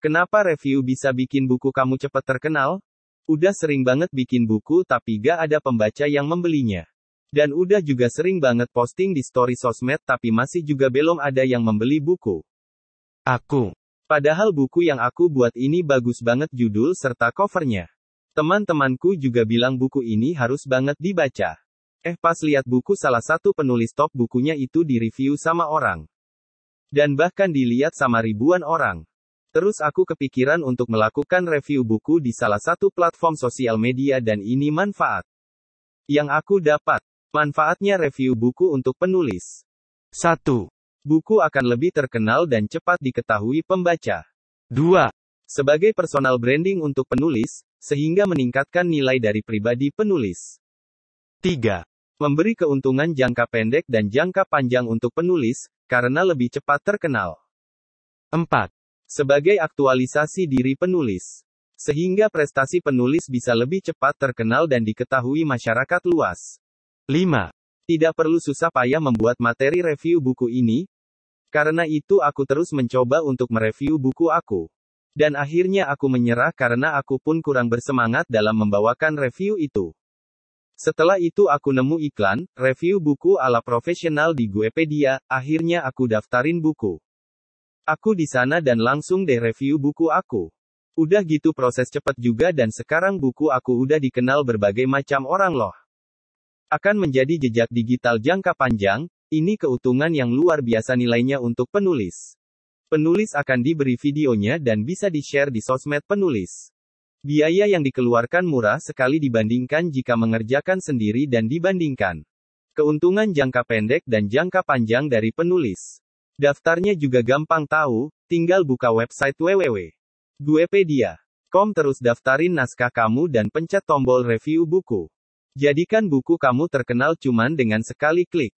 Kenapa review bisa bikin buku kamu cepat terkenal? Udah sering banget bikin buku tapi gak ada pembaca yang membelinya. Dan udah juga sering banget posting di story sosmed tapi masih juga belum ada yang membeli buku. Aku. Padahal buku yang aku buat ini bagus banget judul serta covernya. Teman-temanku juga bilang buku ini harus banget dibaca. Eh pas lihat buku salah satu penulis top bukunya itu di review sama orang. Dan bahkan dilihat sama ribuan orang. Terus aku kepikiran untuk melakukan review buku di salah satu platform sosial media dan ini manfaat. Yang aku dapat. Manfaatnya review buku untuk penulis. 1. Buku akan lebih terkenal dan cepat diketahui pembaca. 2. Sebagai personal branding untuk penulis, sehingga meningkatkan nilai dari pribadi penulis. 3. Memberi keuntungan jangka pendek dan jangka panjang untuk penulis, karena lebih cepat terkenal. 4 sebagai aktualisasi diri penulis, sehingga prestasi penulis bisa lebih cepat terkenal dan diketahui masyarakat luas. 5. Tidak perlu susah payah membuat materi review buku ini, karena itu aku terus mencoba untuk mereview buku aku. Dan akhirnya aku menyerah karena aku pun kurang bersemangat dalam membawakan review itu. Setelah itu aku nemu iklan, review buku ala profesional di Guepedia, akhirnya aku daftarin buku. Aku di sana dan langsung deh review buku aku. Udah gitu proses cepat juga dan sekarang buku aku udah dikenal berbagai macam orang loh. Akan menjadi jejak digital jangka panjang, ini keuntungan yang luar biasa nilainya untuk penulis. Penulis akan diberi videonya dan bisa di-share di sosmed penulis. Biaya yang dikeluarkan murah sekali dibandingkan jika mengerjakan sendiri dan dibandingkan keuntungan jangka pendek dan jangka panjang dari penulis. Daftarnya juga gampang tahu, tinggal buka website www.guepedia.com terus daftarin naskah kamu dan pencet tombol review buku. Jadikan buku kamu terkenal cuman dengan sekali klik.